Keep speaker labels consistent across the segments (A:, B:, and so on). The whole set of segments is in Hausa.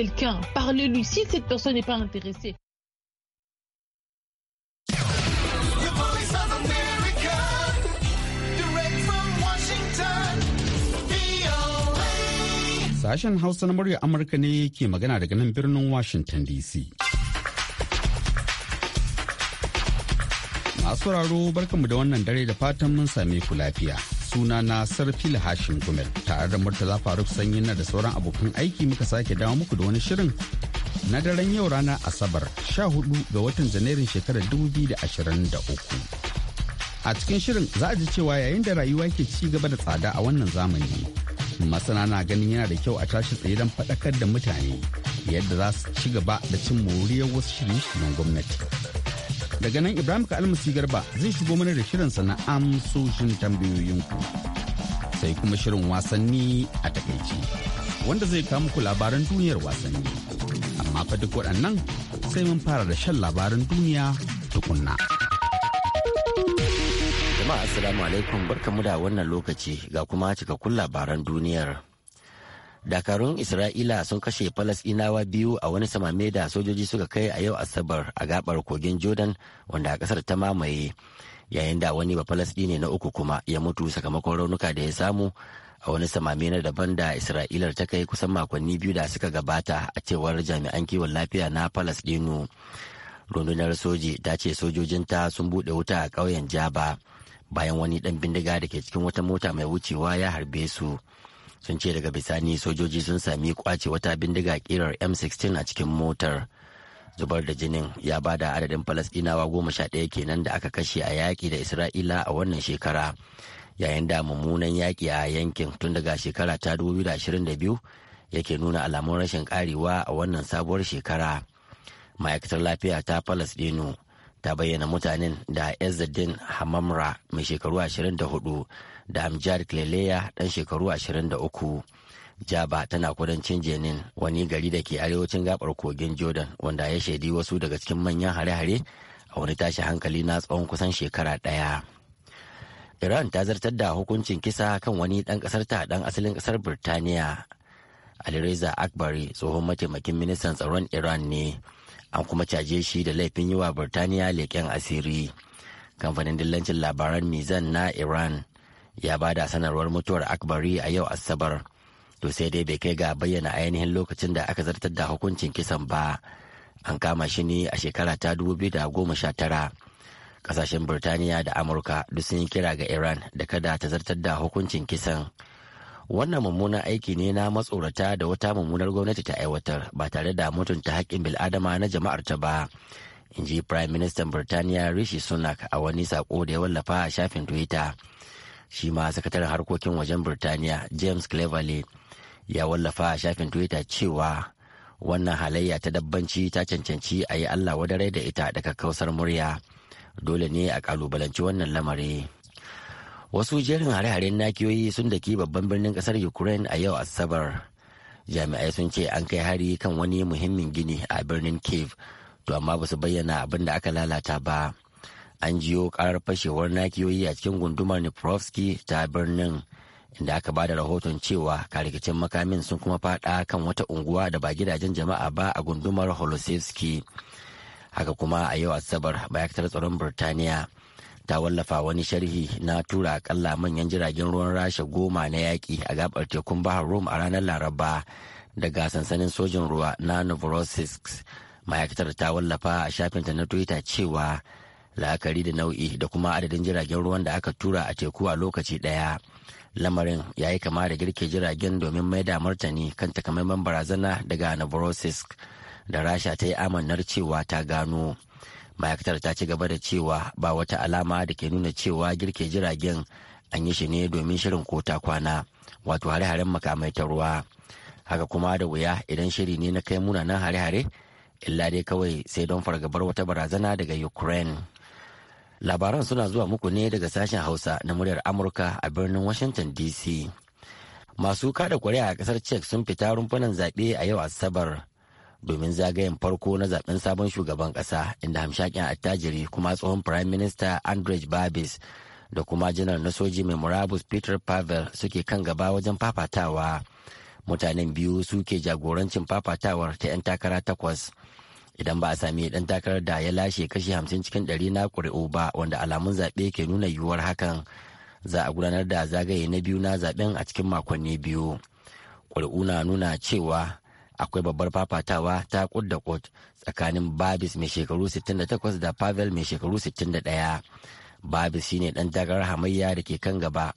A: quelqu'un, parlez-lui si cette personne n'est pas intéressée.
B: Sashen Hausa na murya Amurka ne ke magana daga nan birnin Washington DC. Masu sauraro barkanmu da wannan dare da fatan mun same ku lafiya. suna na sarfil hashim gumel tare da murtala faruk sanyi na da sauran abokan aiki muka sake dawo muku da wani shirin na daren yau rana asabar 14 ga watan janairun shekarar 2023 a cikin shirin za a ji cewa yayin da rayuwa ke ci gaba da tsada a wannan zamani masana na ganin yana da kyau a tashi tsaye don faɗakar da mutane yadda za su ci gaba da cin moriyar wasu shirye-shiryen gwamnati Daga nan Ibrahim ka almasi garba zai shigo mana da shirinsa na amsoshin tambayoyinku. Sai kuma shirin wasanni a takaici wanda zai kawo muku labaran duniyar wasanni. Amma fa duk waɗannan sai mun fara da shan labaran duniya tukunna.
C: Jama'a assalamu alaikum barkamu da wannan lokaci ga kuma cikakkun labaran duniyar. dakarun isra'ila sun kashe falasinawa biyu a wani samame da sojoji suka kai a yau asabar a gabar kogin jordan wanda kasar ta mamaye yayin da wani ba falasdini na uku kuma ya mutu sakamakon raunuka da ya samu a wani samame na daban da isra'ilar ta kai kusan makonni biyu da suka gabata a cewar jami'an kiwon lafiya na falasdinu rundunar soji ta ce sojojinta sun buɗe wuta a ƙauyen jaba bayan wani ɗan bindiga da ke cikin wata mota mai wucewa ya harbe su sun ce daga bisani sojoji sun sami kwace wata bindiga kirar m16 a cikin motar zubar da jinin ya bada adadin falasdinawa goma sha ɗaya kenan da aka kashe a yaƙi da isra'ila a wannan shekara yayin da mummunan yaƙi a yankin tun daga shekara ta 2022 yake nuna alamun rashin karewa a wannan sabuwar shekara ma'aikatar lafiya ta falasdino ta bayyana mutanen da ezzaddin hamamra mai shekaru 24 da amjad kleleya dan shekaru 23 jaba tana kudancin jenin wani gari da ke arewacin gabar kogin jordan wanda ya shaidi wasu daga cikin manyan hare-hare a wani tashi hankali na tsawon kusan shekara ɗaya. iran ta zartar da hukuncin kisa kan wani ɗan ƙasar ta ɗan asalin ƙasar birtaniya alireza akbari tsohon mataimakin ministan tsaron iran ne an kuma caje shi da laifin yi wa birtaniya leƙen asiri kamfanin dillancin labaran mizan na iran ya ba da sanarwar mutuwar akbari a yau asabar to sai dai bai kai ga bayyana ainihin lokacin da aka zartar da hukuncin kisan ba an kama shi ne a shekara ta 2019 kasashen birtaniya da amurka duk sun yi kira ga iran da kada ta zartar da hukuncin kisan wannan mummunan aiki ne na matsorata da wata mummunar gwamnati ta aiwatar ba tare da mutunta haƙƙin bil'adama na jama'ar ta ba in ji prime minister birtaniya rishi sunak a wani sako da ya wallafa a shafin twitter shi ma sakataren harkokin wajen birtaniya james cleverly ya wallafa a shafin twitter cewa wannan halayya ta dabbanci ta cancanci a yi allah wadarai da ita daga kausar murya dole ne a kalubalanci wannan lamari wasu jerin hare-haren nakiyoyi sun daki babban birnin kasar ukraine a yau asabar jami'ai sun ce an kai hari kan wani muhimmin gini a birnin Cave, to amma ba su bayyana abin da aka lalata ba an jiyo karar fashewar nakiyoyi a cikin gundumar Niprovsky ta birnin inda aka ba da rahoton cewa karikacin makamin sun kuma fada kan wata unguwa da ba gidajen jama'a ba a gundumar Holosevsky. Haka kuma a yau Asabar ma'aikatar tsaron Birtaniya ta wallafa wani sharhi na tura akalla manyan jiragen ruwan rasha goma na yaƙi a gabar tekun Bahar Rum a ranar Laraba daga sansanin sojin ruwa na Novorossiysk. ma'aikatar ta wallafa a shafinta na twitter cewa la'akari da nau'i da kuma adadin jiragen ruwan da aka tura a teku a lokaci ɗaya lamarin ya yi kama da girke jiragen domin mai da martani kan takamaiman barazana daga novorossiysk da rasha ta yi amannar cewa ta gano ma'aikatar ta ci gaba da cewa ba wata alama da ke nuna cewa girke jiragen an yi shi ne domin shirin kota kwana wato hare-haren makamai ta ruwa haka kuma da wuya idan shiri ne na kai munanan hare-hare illa dai kawai sai don fargabar wata barazana daga ukraine Labaran suna zuwa muku ne daga sashen Hausa na muryar Amurka a birnin Washington DC. Masu kada kuri'a a kasar Czech sun fita rumfunan zaɓe a yau Asabar domin zagayen farko na zaɓen sabon shugaban ƙasa inda hamshakin attajiri kuma tsohon Prime Minister Andrej Babis da kuma janar na soji mai murabus Peter Pavel suke kan gaba wajen fafatawa. Mutanen biyu suke jagorancin fafatawar ta 'yan takara takwas. idan ba a sami dan takarar da ya lashe kashi hamsin cikin ɗari na ƙuri'u ba wanda alamun zaɓe ke nuna yiwuwar hakan za a gudanar da zagaye na biyu na zaɓen a cikin makonni biyu ƙuri'u na nuna cewa akwai babbar fafatawa ta kud da kud tsakanin babis mai shekaru 68 da pavel mai shekaru 61 babis shine dan takarar hamayya da ke kan gaba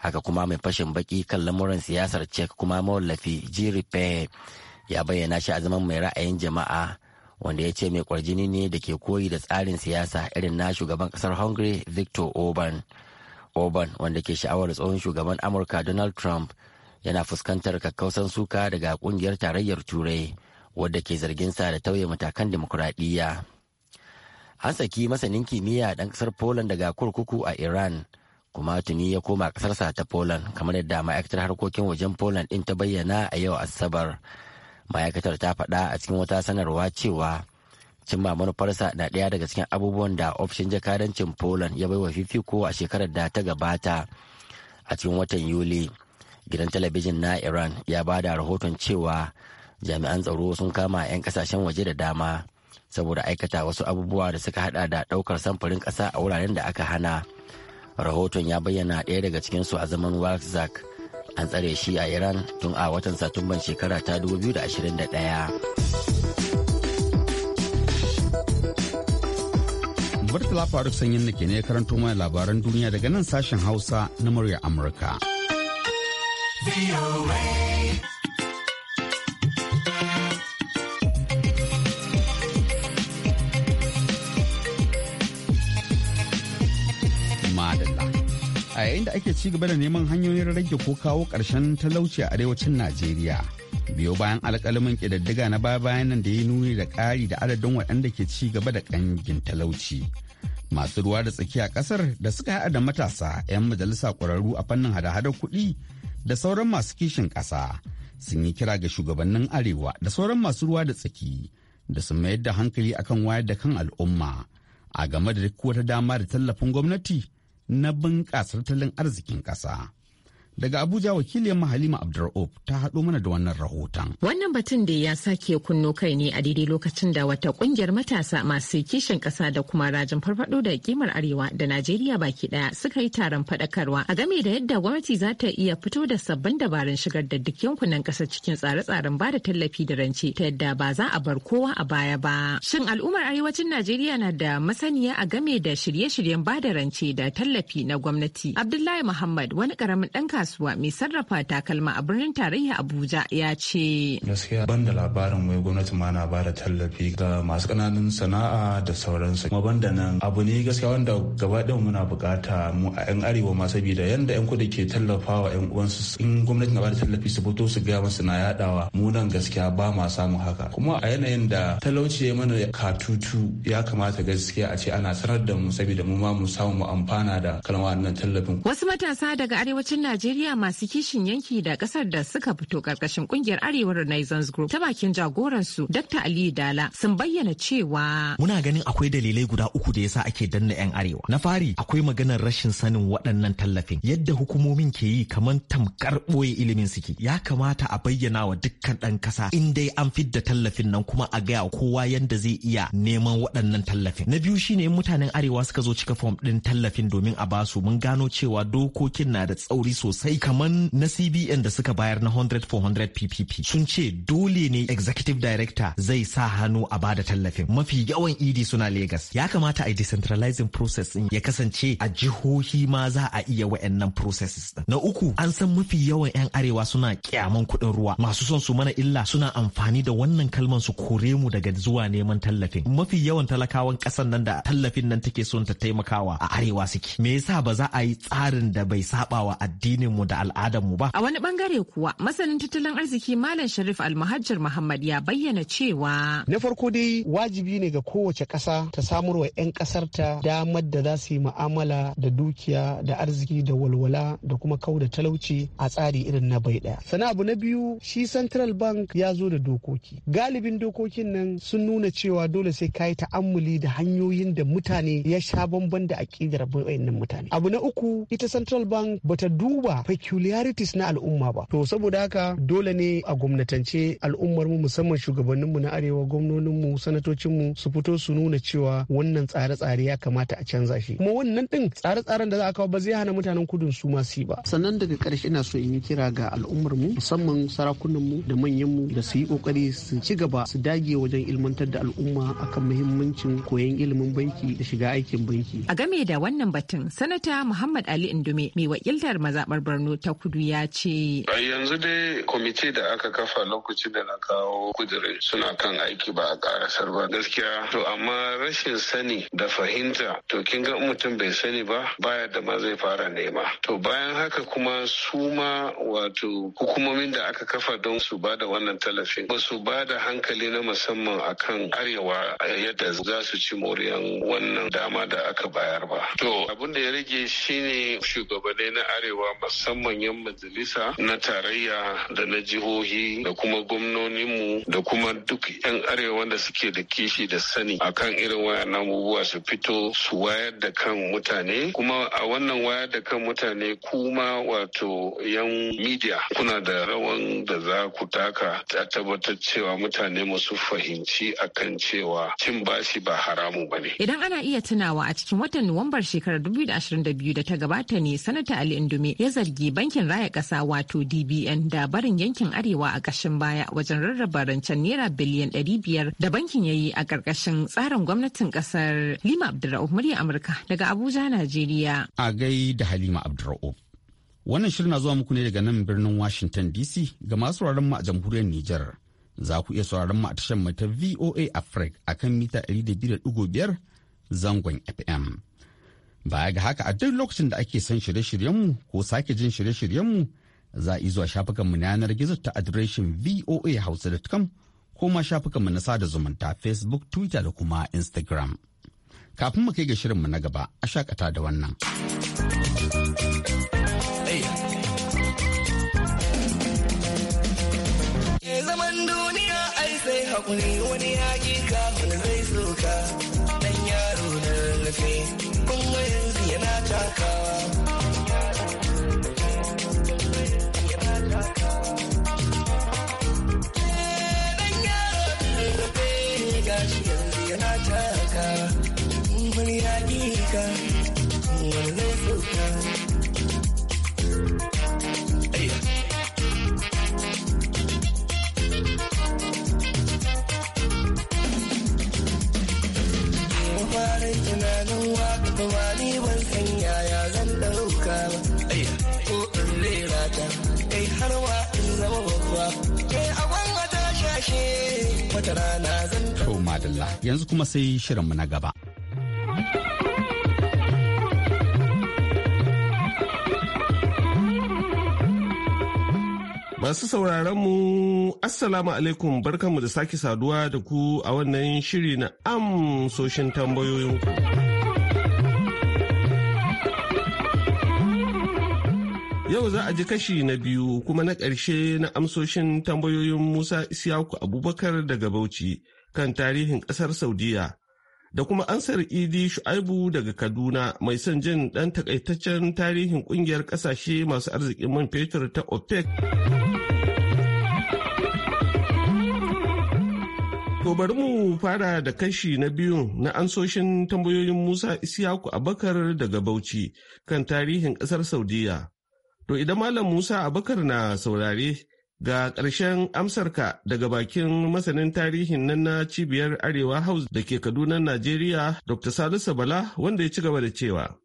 C: haka kuma mai fashin baki kan lamuran siyasar cek kuma mawallafi jiri ya bayyana shi a zaman mai ra'ayin jama'a wanda ya ce mai kwarjini ne da ke koyi da tsarin siyasa irin na shugaban kasar hungary victor orban orban wanda ke sha'awar tsohon shugaban amurka donald trump yana fuskantar kakkausan suka daga kungiyar tarayyar turai wadda ke zargin sa da tauye matakan dimokuraɗiyya an saki masanin kimiyya dan ƙasar poland daga kurkuku a iran kuma tuni ya koma ƙasarsa ta poland kamar yadda ma'aikatar harkokin wajen poland ɗin ta bayyana a yau asabar. ma'aikatar ta faɗa a cikin wata sanarwa cewa cimma manufarsa na ɗaya daga cikin abubuwan da ofishin jakadancin poland ya baiwa fifiko a shekarar da ta gabata a cikin watan yuli gidan talabijin na iran ya ba da rahoton cewa jami'an tsaro sun kama 'yan kasashen waje da dama saboda aikata wasu abubuwa da suka hada da daukar samfurin kasa a wuraren da aka hana rahoton ya bayyana ɗaya daga cikinsu a zaman walzak an tsare shi a iran tun a watan satumban shekara ta 2021 Murtala
B: Faruk Sanyin na ke ne karanto mana labaran duniya daga nan sashen Hausa na murya Amurka. yayin da ake ci gaba da neman hanyoyin rage ko kawo ƙarshen talauci a arewacin Najeriya. Biyo bayan alƙalamin ƙidaddiga na baya bayan nan da ya nuni da ƙari da adadin waɗanda ke ci gaba da ƙangin talauci. Masu ruwa da tsakiya ƙasar da suka haɗa da matasa 'yan majalisa ƙwararru a fannin hada-hadar kuɗi da sauran masu kishin ƙasa sun yi kira ga shugabannin arewa da sauran masu ruwa da tsaki da su mayar da hankali akan wayar da kan al'umma a game da duk wata dama da tallafin gwamnati na bunƙasa tattalin arzikin ƙasa. Daga Abuja wakiliyar Halima Abdulrahman ta haɗo mana da wannan rahoton.
A: Wannan batun da ya sake kunno kai ne a daidai lokacin da wata ƙungiyar matasa masu kishin ƙasa da kuma rajin farfaɗo da kimar Arewa da Najeriya baki ɗaya suka yi taron faɗakarwa a game da yadda gwamnati za ta iya fito da sabbin dabarun shigar da duk yankunan ƙasa cikin tsare-tsaren ba da tallafi da rance ta yadda ba za a bar kowa a baya ba. Shin al'ummar Arewacin Najeriya na da masaniya a game da shirye-shiryen ba da rance da tallafi na gwamnati. Abdullahi Muhammad wani ƙaramin ɗan kasuwa mai sarrafa takalma a birnin tarayya Abuja ya ce.
D: Gaskiya ban da labarin wai gwamnati ma na bada tallafi ga masu kananan sana'a da sauransu. Kuma ban da nan abu ne gaskiya wanda gaba ɗaya muna bukata mu a 'yan arewa ma saboda yanda 'yan kudi ke tallafawa 'yan uwansu in gwamnati na bada tallafi su fito su gaya masu na yaɗawa mu nan gaskiya ba ma samun haka. Kuma a yanayin da talauci ya mana katutu ya kamata gaskiya a ce ana sanar da mu saboda mu ma mu samu mu amfana da kalmar wannan tallafin.
A: Wasu matasa daga arewacin Najeriya Najeriya masu kishin yanki da kasar da suka fito karkashin kungiyar Arewa Renaissance Group ta bakin jagoransu Dr. Aliyu Dala sun bayyana cewa
E: muna ganin akwai dalilai guda uku da yasa ake danna yan Arewa. Na fari akwai maganar rashin sanin waɗannan tallafin yadda hukumomin ke yi kamar tamkar ɓoye ilimin suke. Ya kamata a bayyana wa dukkan ɗan ƙasa in dai an fidda tallafin nan kuma a gaya kowa yadda zai iya neman waɗannan tallafin. Na biyu shine mutanen Arewa suka zo cika fom ɗin tallafin domin a basu mun gano cewa dokokin na da tsauri sosai sosai kaman na CBN da suka bayar na 100 400 PPP sun ce dole ne executive director zai sa hannu a bada tallafin mafi yawan ED suna Legas. ya kamata a decentralizing process din ya kasance a jihohi ma za a iya wa'annan processes din na uku an san mafi yawan 'yan arewa suna kyaman kuɗin ruwa masu son su mana illa suna amfani da wannan kalman su kore mu daga zuwa neman tallafin mafi yawan talakawan ƙasan nan da tallafin nan take son ta taimakawa a arewa suke me yasa ba za a yi tsarin da bai sabawa addinin addininmu da al'adarmu
A: ba. A wani bangare kuwa masanin tattalin arziki Malam Sharif Almuhajjar Muhammad ya bayyana cewa.
F: Na farko dai wajibi ne ga kowace ƙasa ta samarwa 'yan ƙasarta damar da za su yi mu'amala da dukiya da arziki da walwala da kuma kau da talauci a tsari irin na bai ɗaya. Sana abu na biyu shi Central Bank ya zo da dokoki. Galibin dokokin nan sun nuna cewa dole sai ka yi ta'ammuli da hanyoyin da mutane ya sha bamban da aƙidar wayannan mutane. Abu na uku ita Central Bank bata duba peculiarities na al'umma ba to saboda haka dole ne a gwamnatance al'ummarmu mu musamman shugabanninmu na arewa gwamnoninmu sanatocinmu su fito su nuna cewa wannan tsare-tsare ya kamata a canza shi kuma wannan din tsare-tsaren da za a kawo ba zai hana mutanen kudun su ma su ba sannan daga karshe ina so in yi kira ga al'ummar mu musamman sarakunan mu da manyan mu da su yi kokari su ci gaba su dage wajen ilmantar da al'umma akan muhimmancin koyon ilimin banki da shiga aikin banki
A: a game da wannan batun sanata muhammad ali indume mai wakiltar mazabar borno ta kudu ya ce
D: a yanzu dai kwamiti da aka kafa lokacin da na kawo kudirin suna kan aiki ba a karasar ba gaskiya to amma rashin sani da fahimta to kin ga mutum bai sani ba baya da ma zai fara nema to bayan haka kuma su ma wato hukumomin da aka kafa don su ba da wannan tallafin ba su ba da hankali na musamman akan arewa yadda za su ci moriyan wannan dama da aka bayar ba to abin da ya rage shine shugabanni na arewa masu musamman yan majalisa na tarayya da na jihohi da kuma gwamnoninmu da kuma duk yan arewa da suke da kishi da sani akan irin wayannan abubuwa su fito su wayar da kan mutane kuma a wannan wayar da kan mutane kuma wato yan media kuna da rawan da za ku taka ta tabbatar cewa mutane masu fahimci akan cewa cin bashi ba haramu ba ne.
A: Idan ana iya tunawa a cikin watan Nuwambar shekarar 2022 da ta gabata ne Sanata Ali Indume ya zargi bankin raya kasa wato dbn da barin yankin arewa a kashin baya wajen rarraba rancen naira biliyan 500 da bankin ya yi a ƙarƙashin tsarin gwamnatin ƙasar lima abdurra'uf murya amurka daga abuja najeriya
B: a gai da halima abdurra'uf wannan shirin na zuwa muku ne daga nan birnin washington dc ga masu mu a jamhuriyar niger za ku iya sauraron mu a tashar mu ta voa africa akan mita 102.5 zangon fm Baya ga haka a duk lokacin da ake son shirye-shiryenmu ko sake jin shirye-shiryenmu za a zuwa shafukanmu na yanar gizo ta adireshin voahausa.com ko ma shafukanmu na sada zumunta Facebook, Twitter da kuma Instagram. Kafin mu kai ga mu na gaba a shakata da wannan.
F: Zaman duniya ai sai hakuri wani yaƙi kafin zai soka. na rarrafe
G: kuma yanzu yana takawa
B: Allah yanzu kuma sai shirinmu na gaba.
D: Masu sauraronmu, Assalamu alaikum barkanmu da sake saduwa da ku a wannan shiri na amsoshin tambayoyinku. Yau za a ji kashi na biyu kuma na ƙarshe na amsoshin tambayoyin Musa Isiyaku Abubakar daga Bauchi kan tarihin ƙasar Saudiya da kuma ansar idi shu'aibu daga kaduna mai son jin ɗan takaitaccen tarihin ƙungiyar ƙasashe masu arzikin man fetur ta opec To bari mu fara da kashi na biyu na ansoshin tambayoyin musa isiyaku abakar daga bauchi kan tarihin ƙasar saudiya to idan malam musa abakar na saurare Ga ƙarshen amsarka daga bakin masanin tarihin nan na cibiyar Arewa House da ke Kaduna, Najeriya, Dr. Salisu Bala wanda ya ci gaba da cewa.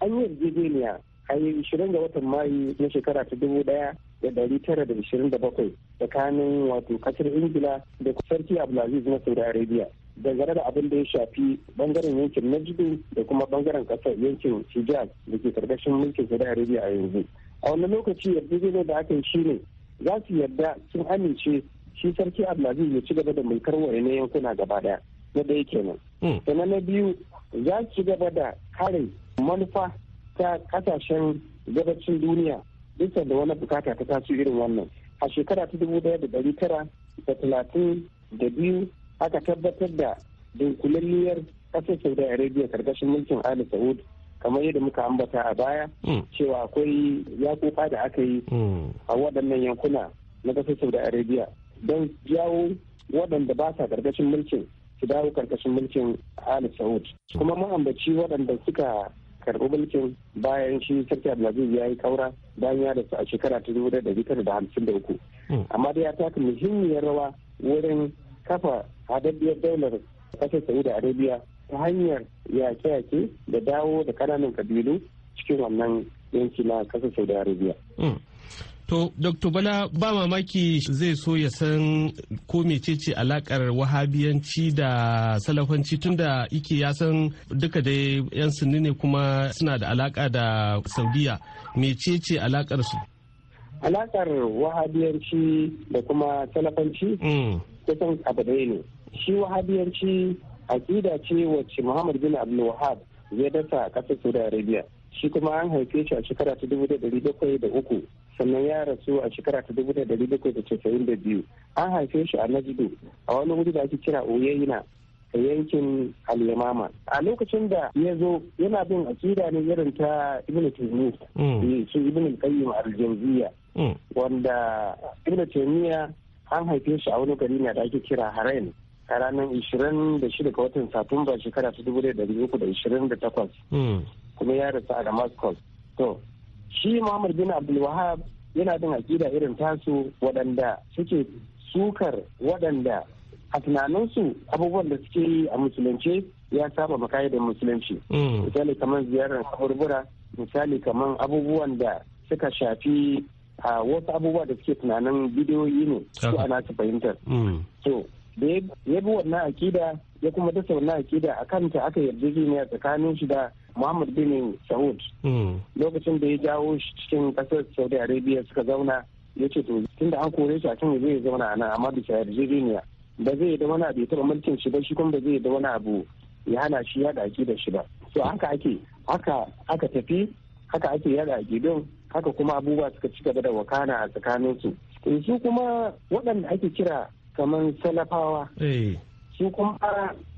H: An yi yarjejeniya a yi 20 ga watan Mayu na shekara ta dubu daya da dari tara da ishirin da bakwai tsakanin wato kasar Ingila da sarki Abdulaziz na Saudi Arabia. dangane da abin da ya shafi bangaren yankin najdu da kuma bangaren kasar yankin hijaz da ke karkashin mulkin saudi arabia a yanzu a wani lokaci yarjejeniya da aka yi shine za su yarda sun amince shi sarki abdulaziz ya ci gaba da mulkar na yankuna gaba daya na daya kenan hmm. sannan na biyu za su ci gaba da kare manufa ta kasashen gabacin duniya bisa da wani bukata ta taso irin wannan a shekara ta dubu daya da dari tara da talatin da biyu aka tabbatar da dunkulalliyar ƙasar da arabia karkashin mulkin ali saud kamar yadda muka ambata a baya hmm. cewa akwai yakuka da aka yi hmm. a waɗannan yankuna na ƙasar saudi arabia don jawo waɗanda ba sa ƙarƙashin mulkin su dawo ƙarƙashin mulkin ali saud kuma ma'ambaci waɗanda suka karɓi mulkin bayan shi sarki abdulaziz ya yi kaura bayan ya dasu a shekara ta dubu da tara da hamsin da uku hmm. amma dai ya taka muhimmiyar rawa wurin kafa hadaddiyar daular ƙasar saudi arabia ta hanyar yaƙe-yaƙe da dawo da kananan kabilu cikin wannan yanki na ƙasar saudi arabia
G: hmm.
D: To, Dr. Bala ba mamaki zai so ya san ko mecece alakar wahabiyanci da salafanci tunda ike ya san duka da 'yan sunni ne kuma suna da alaka da Saudiya. Mecece alakar su?
H: Alakar wahabiyanci da kuma salafanci hmm. kusan abu ne. Shi wahabiyanci aƙida ce wacce muhammad bin abdul wahab ya dasa a ƙasar saudi arabia shi kuma an haife shi a shekara ta dubu da dari bakwai da uku sannan ya rasu a shekara ta dubu da dari bakwai da casa'in da biyu an haife shi a najdu a wani wuri da ake kira oyayina a yankin alimama a lokacin da ya zo yana bin aƙida ne irin ta ibn taymiyyah mm. eh, su ibn qayyim al mm. wanda ibn taymiyyah an haife shi a wani gari ne da ake kira harain a ranar 26 ga watan satumba shekara ta 1328 hmm. kuma ya rasu a damascus to shi muhammad bin abdulwahab yana bin aƙida irin tasu waɗanda suke sukar waɗanda a tunaninsu abubuwan da suke yi a musulunci ya saba da musulunci hmm. misali kamar ziyarar kaburbura misali kamar abubuwan da suka shafi a wasu abubuwa da suke tunanin bidiyoyi ne su ana su fahimtar hmm. to. da ya bi wannan akida ya kuma dasa wannan akida a kanta aka yarjejeniya tsakanin shi da Muhammad bin Saud hmm. lokacin da ya jawo shi cikin kasar Saudi Arabia suka zauna ya ce to tunda an kore shi a kan zai zauna a nan amma bisa yarjejeniya ba zai yi da wani abu ya taɓa mulkin shi ba shi kuma ba zai yi da wani abu ya hana shi yada akida shi ba to haka ake haka aka tafi haka ake yada akidun haka kuma abubuwa suka ci gaba da wakana a tsakanin su su kuma waɗanda ake kira kamar salafawa eh. shi kuma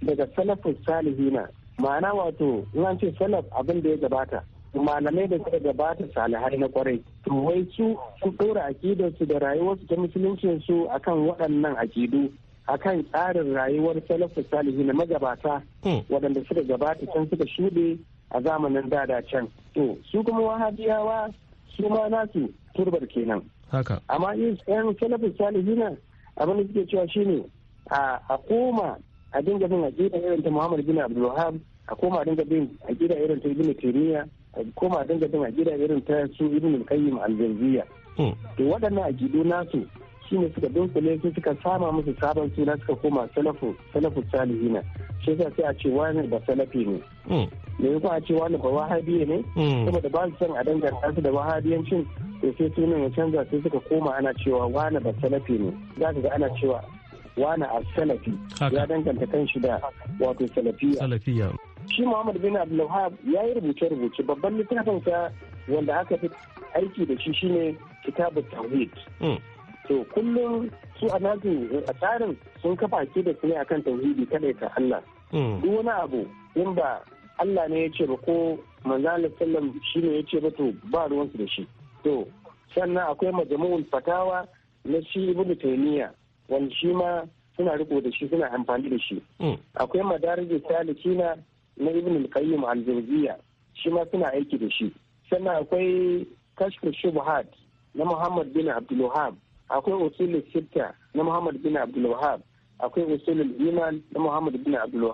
H: daga salafus salihina ma'ana wato in ce salaf abin da ya gabata malamai da suka gabata salihai na kwarai to wai su su dora akidarsu da rayuwarsu ta musuluncin su akan waɗannan akidu akan tsarin rayuwar salafus salihina magabata hmm. waɗanda suka gabata can suka shuɗe a zamanin dada can to su kuma wahabiyawa su ma nasu turbar kenan amma yan salafus salihina. abin da suke cewa ne a koma a dinga bin aƙida irin ta Muhammadu bin Abdulwahab a koma a dinga bin aƙida irin ta Ibn Taymiyyah a koma a dinga bin aƙida irin ta su Ibn Al-Qayyim hmm. to waɗannan aƙidu nasu shine suka dunkule su suka sama musu sabon suna suka koma salafu salafu salihina shi yasa sai a ce wani ba salafi ne hmm. me yasa a ce wani ba wahabiye ne hmm. saboda ba su san a danganta su da wahabiyancin sai sai sunan ya canza sai suka koma ana cewa wani ba salafi ne za ka ga ana cewa wani a salafi ya danganta kan shi da wato
D: salafiya
H: shi muhammad bin abdulwahab ya yi rubuce-rubuce babban sa wanda aka fi aiki da shi shine kitabu tawhid hmm. to kullum su a nazi a tsarin sun kafa ke da su akan tawhidi kada ta Allah hmm. duk wani abu in ba Allah ne ya ce ba ko manzo Allah sallam shine ya ce ba to ba ruwansu da shi to sannan akwai majamu'ul fatawa na shi ibnu taymiya wanda shi ma suna riko da shi suna amfani da shi hmm. akwai madarij salikina na ibn al-qayyim al-jawziyya shi ma suna aiki da shi sannan akwai kashf shubuhat na muhammad bin abdul akwai usul sitta na muhammad bin abdul akwai usulul iman na muhammad bin abdul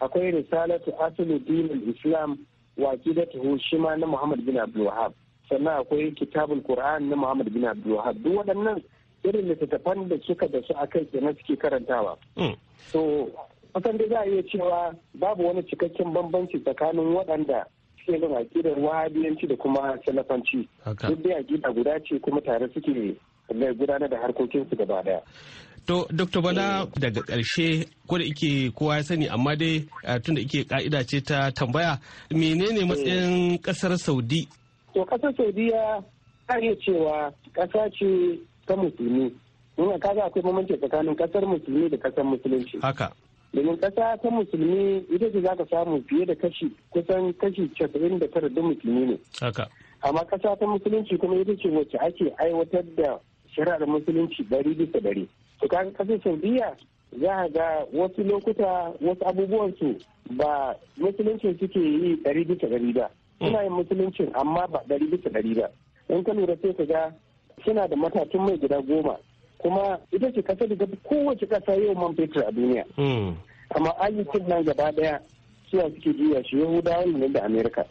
H: akwai risalatu asluddin al-islam wa aqidatuhu shi ma na muhammad bin abdul wahhab sannan akwai kitabul qur'an na muhammad bin abdulwahab duk waɗannan irin littattafan da suka da su akai kenan suke karantawa hmm. so kusan da za a iya cewa babu wani cikakken bambanci tsakanin waɗanda suke bin aƙidar wahabiyanci da kuma salafanci duk dai aƙida guda ce kuma tare suke gudanar da harkokinsu gaba daya
D: To, Dr. Bala hmm. daga ƙarshe ko da ike kowa ya sani amma dai eh, tun da ike ka'ida ce ta tambaya menene matsayin eh. ƙasar Saudi
I: to kasar saudiya ta iya cewa kasa
H: ce ta musulmi nuna kaga akwai mamanci tsakanin kasar musulmi da kasar musulunci haka domin kasa ta musulmi ita ce ka samu fiye da kashi kusan kashi casa'in da tara da musulmi ne haka amma kasa ta musulunci kuma ita ce wacce ake aiwatar da shari'ar musulunci dari bisa dari to kaga kasar saudiya za a ga wasu lokuta wasu abubuwan su ba musulunci suke yi ɗari bisa ɗari ba suna yin musuluncin amma ba dari bisa dari ba in ka lura sai ka ga suna da matakin mai gida goma kuma ita ce kasa da kowace kasa yau man fetur a duniya hmm. amma ayyukan nan gaba daya suna suke juya shi yahudawan ne da amerika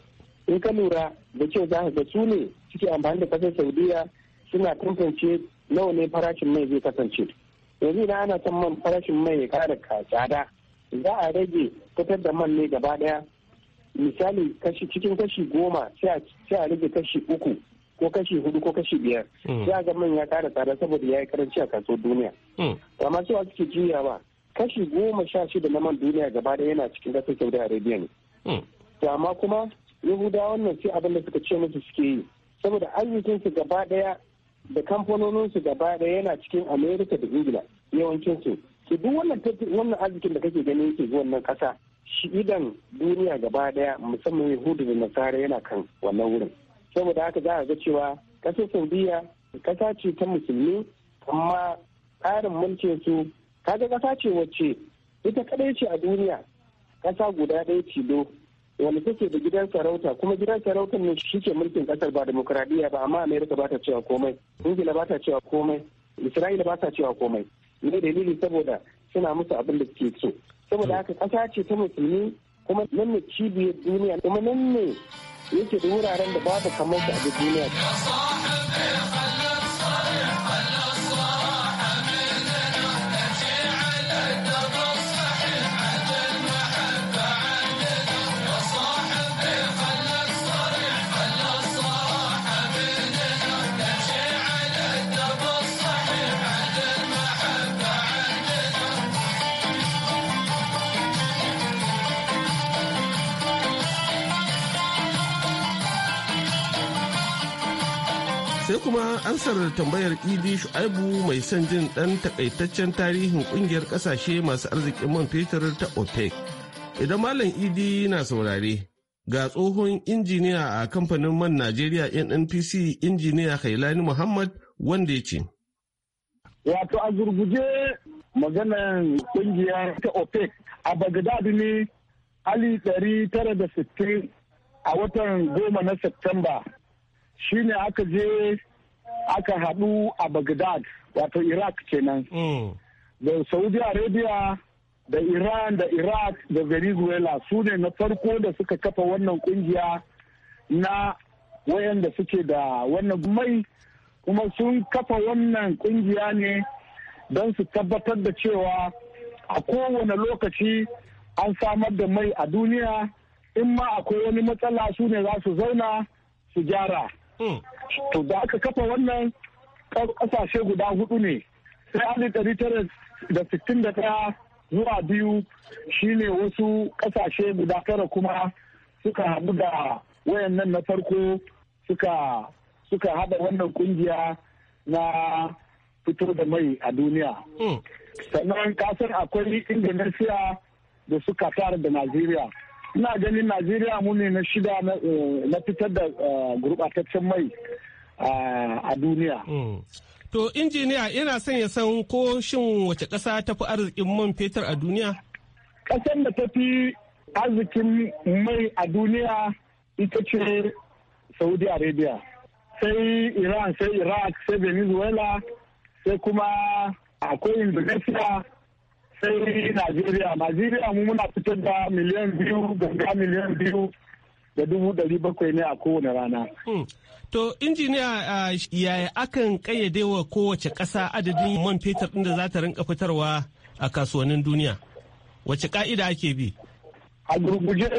H: in ka lura da ce za ka su ne suke amfani da kasar saudiya suna tantance nawa ne farashin mai zai kasance yanzu idan ana son man farashin mai ya kara tsada za a rage fitar da man ne gaba daya misali kashi cikin kashi goma sai a rage kashi uku ko kashi hudu ko kashi biyar hmm. sai ga man ya kara tsada saboda ya yi karanci a kasuwar duniya hmm. amma cewa suke juyawa kashi goma sha shida na man duniya gaba da yana cikin kasar saudi arabia ne hmm. to amma kuma yahudawa wannan sai abin da suka ce musu suke yi saboda arzikin su gaba daya da kamfanonin su gaba daya yana cikin america da ingila yawancin su duk wannan arzikin da kake gani yake zuwa nan kasa shi idan duniya gaba daya musamman yahudu da nasara yana kan wannan wurin saboda haka za a ga cewa kasar saudiya kasa ce ta musulmi amma tsarin mulkin su kaga kasa ce wacce ita kadai ce a duniya kasa guda ɗaya tilo wanda take da gidan sarauta kuma gidan sarautar ne shi ke mulkin kasar ba demokuraɗiyya ba amma amerika ba ta cewa komai ingila ba ta cewa komai isra'ila ba ta cewa komai ne dalili saboda suna musu abin da suke so saboda haka ƙasa ce ta musulmi kuma nan ne cibiyar duniya kuma nan ne yake da wuraren da babu kamar su a duniya
D: kuma ansar tambayar idi shu'aibu mai son jin dan takaitaccen tarihin kungiyar kasashe masu arzikin man fetur ta opec idan malam idi na saurare ga tsohon injiniya a kamfanin man najeriya nnpc injiniya hailani muhammad wanda ya ce
I: wato a zurguje maganan kungiyar ta opec a bagdad ne hali 960 a watan goma na september shine aka je aka haɗu a Baghdad wato Iraq kenan. Mm. Da Saudi Arabia da Iran da Iraq da Venezuela su ne na farko da suka kafa wannan kungiya na wayanda suke da wannan mai kuma sun kafa wannan kungiya ne don su tabbatar da cewa a kowane lokaci an samar da mai a duniya in ma akwai wani matsala su ne za su zauna su gyara. Hmm. To da aka kafa wannan kasashe guda hudu ne sai alif ɗari da sittin da ɗaya zuwa biyu shine wasu ƙasashe guda tara kuma suka haɗu da wayannan na farko suka haɗa wannan ƙungiya na fito da mai a duniya. Hmm. Sannan kasar akwai Indonesia da suka tara da Najeriya. ina ganin najeriya mu ne na shida na eh, fitar da eh, gurɓataccen mai eh, a duniya
G: hmm.
D: to injiniya yana son ya san ko shin wace ƙasa ta fi arzikin man fetur a duniya
I: ƙasar da ta fi arzikin mai a duniya ita ce saudi arabia sai iran sai iraq sai venezuela sai kuma akwai indonesia sai Najeriya. Najeriya mu muna fitar da miliyan biyu ganga miliyan biyu da dubu ɗari bakwai ne a kowane rana.
D: Hmm. To injiniya yaya akan kayyade wa kowace ƙasa adadin man fetur ɗin da za ta rinka fitarwa a kasuwannin duniya? Wace ka'ida ake bi?
I: A gurguje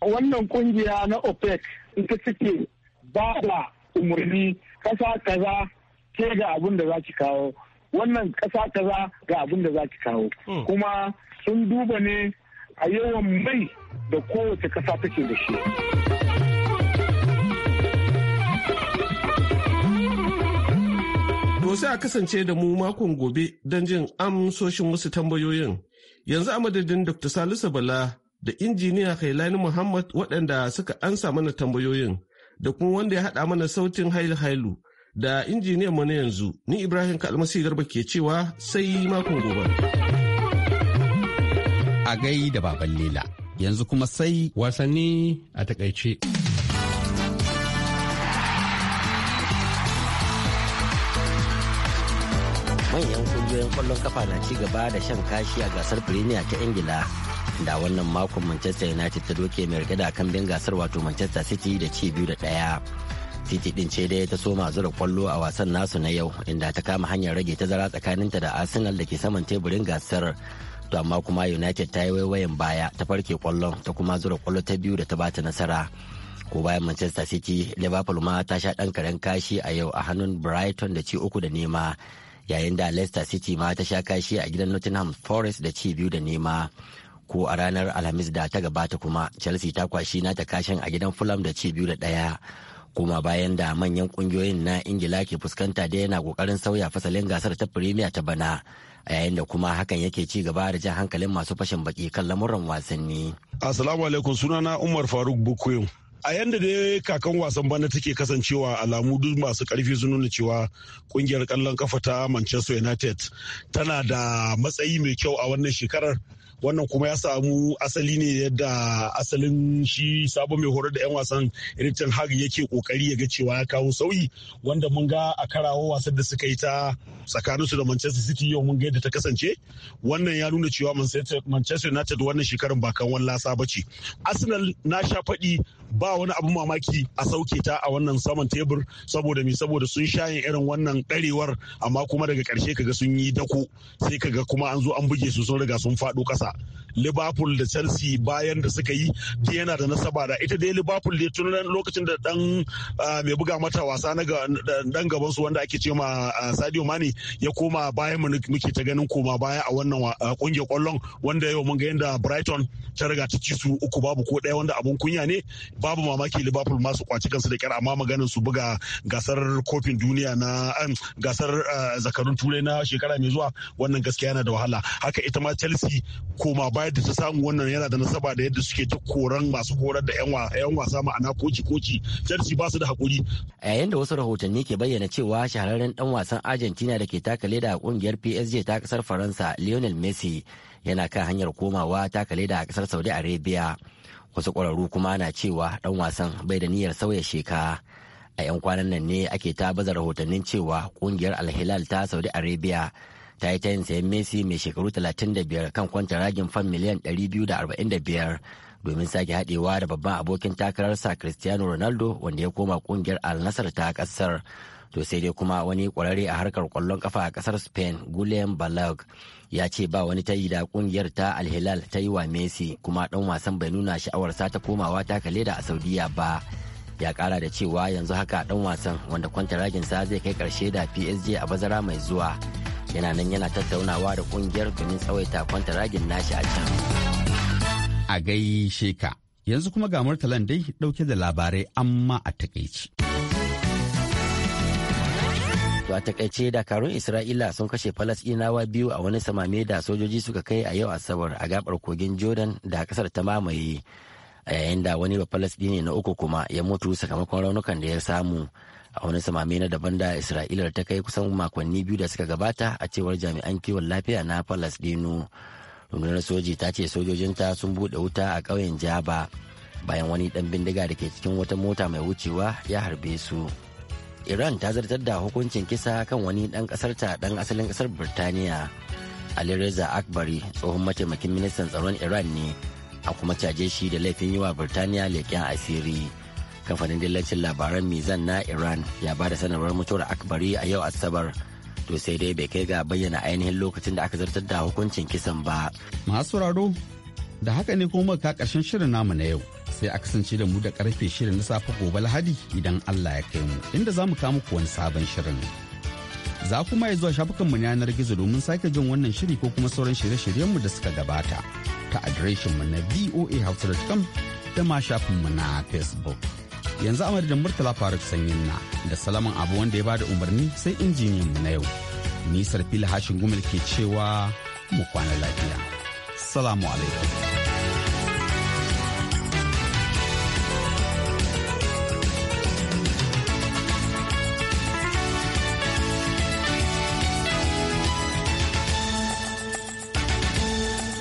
I: wannan kungiya na OPEC ita take ba da umarni kasa kaza ke ga abin da za ki kawo. wannan ƙasa kaza ga abin da za ki kawo hmm. kuma sun duba ne a yawan mai da kowace ƙasa take da shi
D: To sai a kasance da mu makon gobe don jin amsoshin wasu tambayoyin. Yanzu a madadin Dr. Salisu Bala da injiniya kailani Muhammad waɗanda suka ansa mana tambayoyin da kuma wanda ya haɗa mana sautin hailu hailu. da injiniyan mu na yanzu ni ibrahim kalmasi garba ke cewa sai makon gobe
B: a gai da baban lela yanzu kuma sai wasanni a takaice
C: manyan kungiyoyin kwallon kafa na ci gaba da shan kashi a gasar premier ta ingila da wannan makon manchester united ta doke mai rike da bin gasar wato manchester city da ci biyu da daya city din ce dai ta soma zura kwallo a wasan nasu na yau inda ta kama hanyar rage tazara tsakaninta da arsenal da ke saman teburin gasar to amma kuma united ta yi waiwayin baya ta farke kwallon ta kuma zura kwallo ta biyu da ta bata nasara ko bayan manchester city liverpool ma ta sha dan karen kashi a yau a hannun brighton da ci uku da nema yayin da leicester city ma ta sha kashi a gidan nottingham forest da ci biyu da nema ko a ranar alhamis da ta gabata kuma chelsea ta kwashi nata kashin a gidan fulham da ci biyu da daya. kuma bayan da manyan kungiyoyin na ingila ke fuskanta da yana kokarin sauya fasalin gasar ta premier ta bana a yayin da kuma hakan yake ci gaba da jan hankalin masu fashin baki kan lamuran wasanni.
J: Assalamu alaikum sunana Umar Faruk Bukuyin. a yadda dai kakan wasan bana take kasancewa alamu duk masu karfi sun nuna cewa kungiyar kallon kafa ta manchester united tana da matsayi mai kyau a wannan shekarar wannan kuma ya samu asali ne yadda asalin shi sabon mai horar da 'yan wasan Erickson Hag yake kokari ya ga cewa ya kawo sauyi wanda mun ga a karawo wasan da suka yi ta tsakaninsu da Manchester City yau mun ga yadda ta kasance wannan ya nuna cewa Manchester United wannan shekarun ba kan wani lasa ba ce Arsenal na sha faɗi ba wani abu mamaki a sauke ta a wannan saman tebur saboda me saboda sun shayin irin wannan ɗarewar amma kuma daga ƙarshe kaga sun yi dako sai kaga kuma an zo an buge su sun riga sun faɗo kasa. liverpool da chelsea bayan da suka yi duk yana da nasaba da ita dai liverpool dai tun lokacin da dan mai buga mata wasa na dan gaban su wanda ake ce ma sadio mane ya koma bayan mu muke ta ganin koma baya a wannan Ƙungiyar kwallon wanda yau mun ga yanda brighton ta riga ta ci su uku babu ko ɗaya wanda abun kunya ne babu mamaki liverpool masu su kwaci kansu da kyara amma maganin su buga gasar kofin duniya na um, gasar uh, zakarun turai na shekara mai zuwa wannan gaskiya yana da wahala haka ita ma chelsea koma bayar da ta samu wannan yana da nasaba da yadda suke ta koran masu horar da yan wasa ma'ana koci koci chelsea ba su da hakuri yayin da wasu rahotanni ke bayyana cewa shahararren dan
C: wasan argentina da ke taka leda a kungiyar psg ta kasar faransa lionel messi yana kan hanyar komawa taka leda a kasar saudi arabia wasu ƙwararru kuma na cewa ɗan wasan bai da niyyar sauya sheka a 'yan kwanan nan ne ake ta baza rahotannin cewa ƙungiyar alhilal ta saudi arabia ta yi tayin sayan messi mai shekaru 35 kan kwanta ragin fan miliyan 245 domin sake haɗewa da babban abokin takararsa cristiano ronaldo wanda ya koma ƙungiyar al ta ƙasar to sai dai kuma wani kwararre a harkar kwallon kafa a kasar spain gulen balag ya ce ba wani ta yi da kungiyar ta alhilal ta yi wa messi kuma dan wasan bai nuna sha'awar ta komawa taka leda a saudiya ba ya kara da cewa yanzu haka dan wasan wanda kwantaraginsa zai kai karshe da psg a bazara mai zuwa yana nan yana tattaunawa da kungiyar domin tsawaita kwantaragin nashi a can
B: a gaishe ka yanzu kuma ga murtalan dai dauke da labarai amma a takaici.
C: To a takaice dakarun Isra'ila sun kashe Falasɗinawa biyu a wani samame da sojoji suka kai a yau Asabar a gabar kogin Jordan da kasar ta mamaye. A yayin da wani ba Falasɗini na uku kuma ya mutu sakamakon raunukan da ya samu a wani samame na daban da Isra'ilar ta kai kusan makonni biyu da suka gabata a cewar jami'an kiwon lafiya na Falasɗinu. Rundunar soji ta ce sojojinta sun buɗe wuta a ƙauyen Jaba bayan wani ɗan bindiga da ke cikin wata mota mai wucewa ya harbe su. iran ta zartar da hukuncin kisa kan wani kasar ta dan asalin kasar birtaniya alireza akbari tsohon mataimakin ministan tsaron iran ne a kuma caje shi da laifin yi wa birtaniya leƙen asiri kamfanin dillacin labaran mizan na iran ya ba da sanarwar mutuwar akbari a yau asabar to sai dai bai kai ga bayyana ainihin lokacin da aka zartar da hukuncin kisan ba
B: masu sauraro da haka ne kuma ka karshen shirin namu na yau sai a kasance da mu da karfe shirin na safe gobe Lahadi idan Allah ya kai mu inda za mu kawo wani sabon shirin. Za kuma ya zuwa shafukanmu na yanar gizo domin sake jin wannan shiri ko kuma sauran shirye-shiryenmu da suka gabata ta adireshinmu na voahouse.com da ma shafinmu na Facebook. Yanzu a madadin Murtala Faruk Sanyin na da Salaman Abu wanda ya bada umarni sai injiniyan mu na yau. Nisar fili hashin gumel ke cewa mu kwana lafiya. Salamu alaikum.